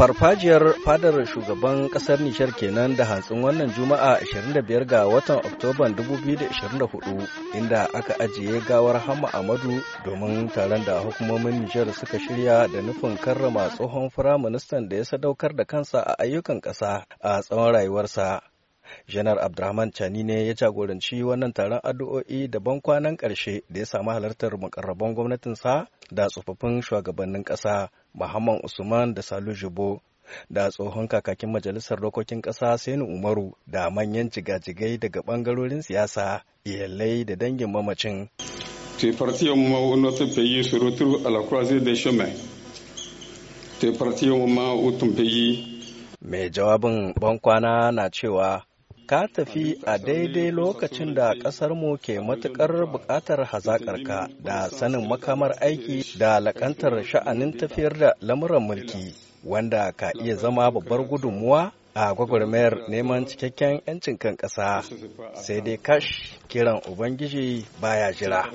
farfajiyar fadar shugaban kasar nishar kenan da hatsin wannan juma'a 25 ga watan oktoban 2024 inda aka ajiye gawar hama amadu domin taron da hukumomin nishar suka shirya da nufin karrama tsohon firaministan da ya sadaukar da kansa a ayyukan ƙasa a tsawon rayuwarsa janar abdurrahman chani ne ya jagoranci wannan taron addu'o'i da kwanan ƙarshe da ya samu halartar makarraban gwamnatinsa da tsofaffin shugabannin ƙasa muhammad usman da salu jibo da tsohon kakakin majalisar dokokin ƙasa sainu umaru da manyan jigajigai daga ɓangarorin siyasa iyalai da dangin mamacin mai jawabin bankwana na cewa ka tafi a daidai lokacin da ƙasarmu ke matuƙar buƙatar hazaƙarka da sanin makamar aiki da laƙantar sha'anin tafiyar da lamuran mulki wanda ka iya zama babbar gudunmuwa a gwagwarmayar neman cikakken 'yancin kan ƙasa sai dai kash kiran ubangiji baya jira.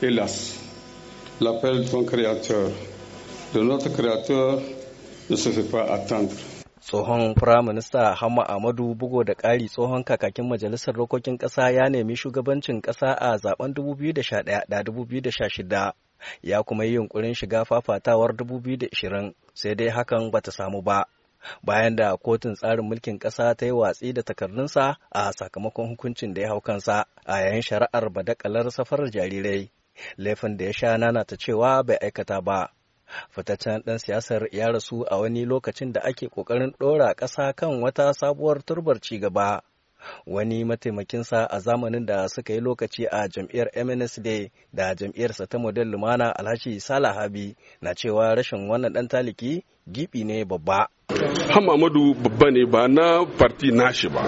Hélas, l'appel de ton créateur, de notre créateur ne se fait pas attendre. tsohon firaminista hamma amadu bugo da ƙari tsohon kakakin majalisar Rokokin ƙasa ya nemi shugabancin ƙasa a zaben 2011 da 2016 ya kuma yi yunkurin shiga fafatawar 2020 sai dai hakan bata samu ba bayan da kotun tsarin mulkin ƙasa ta yi watsi da takardunsa a sakamakon hukuncin da ya hau kansa a yayin shari'ar badakalar safarar jarirai laifin da ya sha nana ta cewa bai aikata ba fitaccen ɗan siyasar ya rasu a wani lokacin da ake ƙoƙarin ɗora ƙasa kan wata sabuwar turbar ci gaba. Wani mataimakinsa a zamanin da suka yi lokaci a jam'iyyar Day da jam'iyyarsa ta model Lumana Alhaji Salahabi na cewa rashin wannan ɗan taliki gibi ne babba hamamadu babba ne ba na parti nashi ba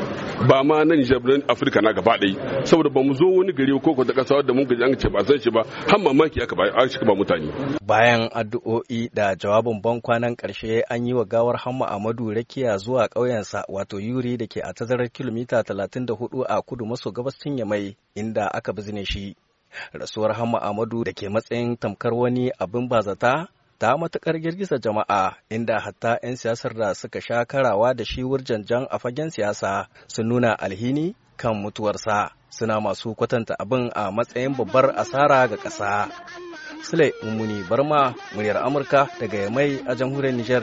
ba ma nan jabirin afirka na gaba ɗai saboda ba mu zo wani gari ko ta ƙasa da mun gaji an ce ba san shi ba hamamaki aka ba shi ba mutane bayan addu'o'i da jawabin ban kwanan ƙarshe an yi wa gawar hamma amadu rakiya zuwa ƙauyensa wato yuri da ke a tazarar kilomita 34 a kudu maso gabasin yamai inda aka bizne shi rasuwar hamma amadu da ke matsayin tamkar wani abin bazata ta matukar girgiza jama'a inda hatta 'yan siyasar da suka sha karawa da shi wurjanjan a fagen siyasa sun nuna alhini kan mutuwarsa suna masu kwatanta abin a matsayin babbar asara ga ƙasa. Sule Mummuni Barma, muryar Amurka daga Yamai a jamhuriyar Nijar.